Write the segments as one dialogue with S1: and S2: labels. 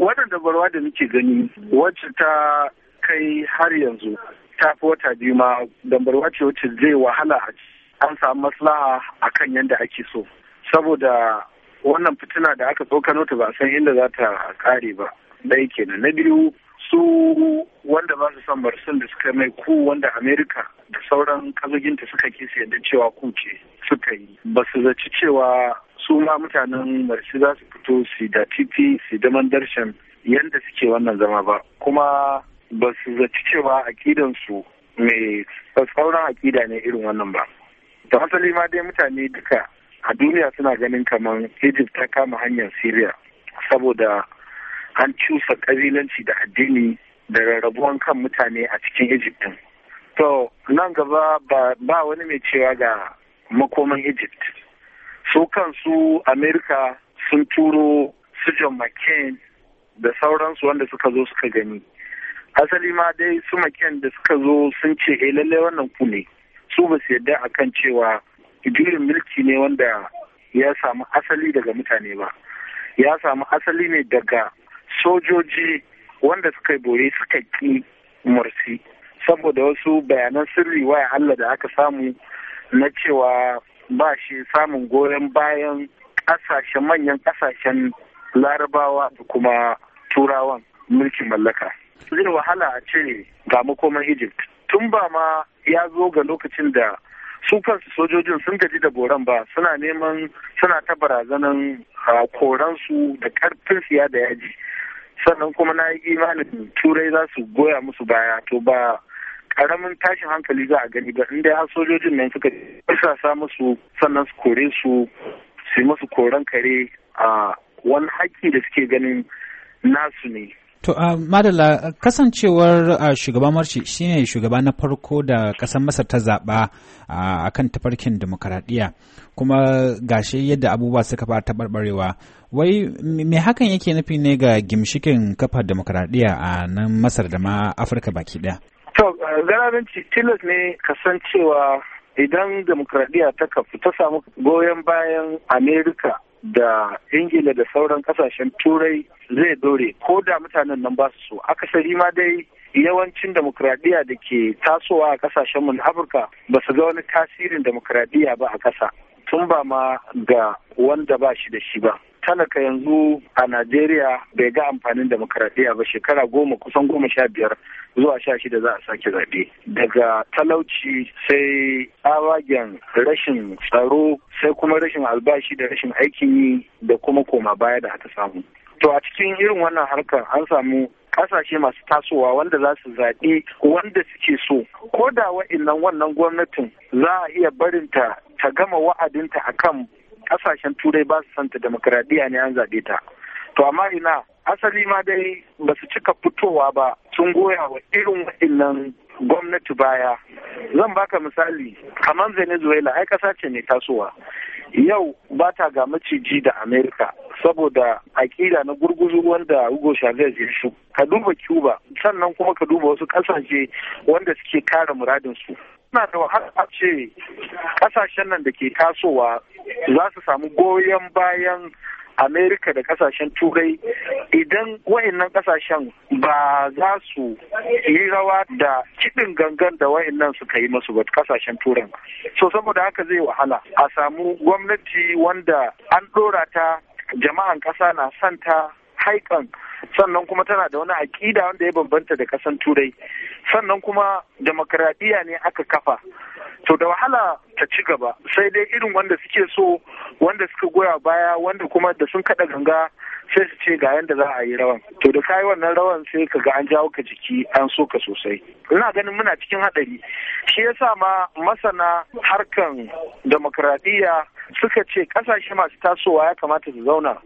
S1: waɗanda barwa da muke gani wacce ta kai har yanzu ta fi wata biyu ma barwa ce wacce zai wahala a an samu maslaha kan yadda ake so saboda wannan fitina da aka tsokano ta ba a san inda za ta kare ba ɗaya kenan na biyu su wanda ba su son barsun da suka mai ku wanda amerika da sauran kazoginta suka kisa yadda cewa kuke suka yi ba su zaci cewa su ma mutanen marshi za su fito su da titi su da mandarshan yadda suke wannan zama ba kuma ba su zaci cewa akidansu mai tsauran akida ne irin wannan ba da asali ma dai mutane duka a duniya suna ganin kamar egypt ta kama hanyar syria saboda an cusa kabilanci da addini da rarrabuwan kan mutane a cikin egypt to nan gaba ba wani mai cewa ga makoman egypt su kansu amerika sun turo su john mccain da sauransu wanda suka zo suka gani asali ma dai su mccain da suka zo sun ce eh lalle wannan ku ne su ba su yarda akan cewa juyin mulki ne wanda ya samu asali daga mutane ba ya samu asali ne daga sojoji wanda suka bore suka ki morsi saboda wasu bayanan sirri waya Allah da aka samu na cewa ba shi samun goyon bayan kasashen manyan ƙasashen larabawa da kuma turawan mulkin mallaka zai wahala a ce ga makoman egypt tun ba ma ya zo ga lokacin da su sojojin sun gaji da boran ba suna neman suna ta barazanan koransu da karfin siya da yaji sannan kuma na yi imanin turai za su goya musu baya to ba karamin tashin hankali za a gani ba inda har sojojin nan suka sa musu sannan su kore su su musu koren kare a wani haƙƙi da suke ganin nasu ne To, uh, Madala, kasancewar uh, shugaban Marci shine shugaba na farko da ƙasar Masar ta zaɓa a kan tafarkin demokaradiyya kuma gashi yadda abubuwa suka fara taɓarɓarewa. Wai, me hakan yake nufi ne ga gimshikin kafa demokaradiyya a nan Masar da ma Afirka baki ɗaya? garanci eh, tilas ne kasancewa idan demokradiyya ta kafu ta samu goyon bayan amerika da ingila da sauran kasashen turai zai dore ko da mutanen nan ba su so akasari ma dai yawancin demokradiyya da ke tasowa a kasashen mu na afirka ba su ga wani tasirin demokradiyya ba a kasa tun ba ma ga wanda ba shi da shi ba talaka yanzu a Najeriya bai ga amfanin demokaradiyya ba shekara goma kusan goma sha biyar zuwa sha shida za a sake zaɓe. Daga talauci sai tsawagen rashin tsaro sai kuma rashin albashi da rashin aikin yi da kuma koma baya da aka samu. To a cikin irin wannan harkar an samu kasashe masu tasowa wanda za su zaɓi wanda suke so ko da wa'innan wannan gwamnatin za a iya barinta ta gama wa'adinta akan kasashen turai ba su santa demokradiyya ne an zaɓe ta to amma ina asali ma dai ba su cika fitowa ba sun goya wa irin waɗannan gwamnati baya zan baka misali kamar venezuela ai ƙasa ce mai tasowa yau ba ta ga maciji da amerika saboda aƙida na gurguzu wanda hugo chavez ya shu ka duba cuba sannan kuma ka duba wasu ƙasashe wanda suke kare muradinsu suna da wahala a ce kasashen nan da ke tasowa za su samu goyon bayan amerika da kasashen turai idan wayannan kasashen ba za su yi rawa da kiɗin gangan da wayannan suka yi masu ba kasashen turan so saboda haka zai wahala a samu gwamnati wanda an ɗora ta jama'an ƙasa na santa haikan sannan kuma tana da wani aƙida wanda ya bambanta da ƙasan turai sannan kuma demokaradiyya ne aka kafa to da wahala ta ci gaba sai dai irin wanda suke so wanda suka goya baya wanda kuma da sun kaɗa ganga sai su ce ga yadda za a yi rawan to da kayi wannan rawan sai ka ga an jawo ka jiki an so ka sosai ina ganin muna cikin haɗari shi yasa ma masana harkan demokradiyya suka ce ƙasashe masu tasowa ya kamata su zauna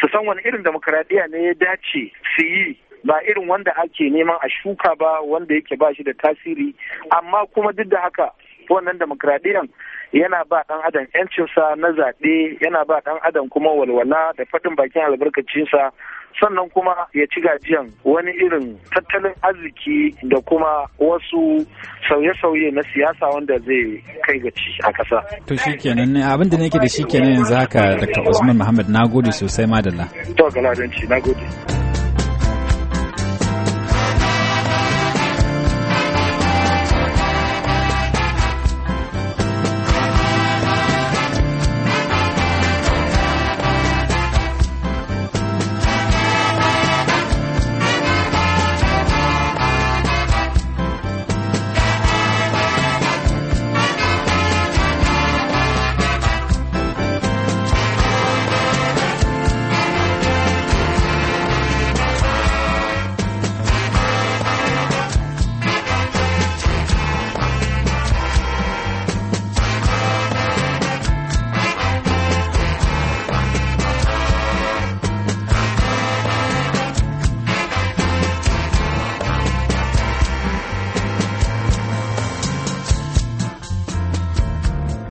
S1: su san wani irin demokaradiyya ne ya dace su yi ba irin wanda ake neman a shuka ba wanda yake ba shi da tasiri amma kuma duk da haka wannan demokradiyyar yana ba ɗan adam yancinsa na zaɓe yana ba ɗan adam kuma walwala da faɗin bakin albarkacinsa sannan kuma ya ci gajiyan wani irin tattalin arziki da kuma wasu sauye-sauye na siyasa wanda zai kai ga ci a ƙasa. To shi kenan abin da nake da shi kenan yanzu haka Dr. Usman Muhammad na gode sosai madalla. To na gode.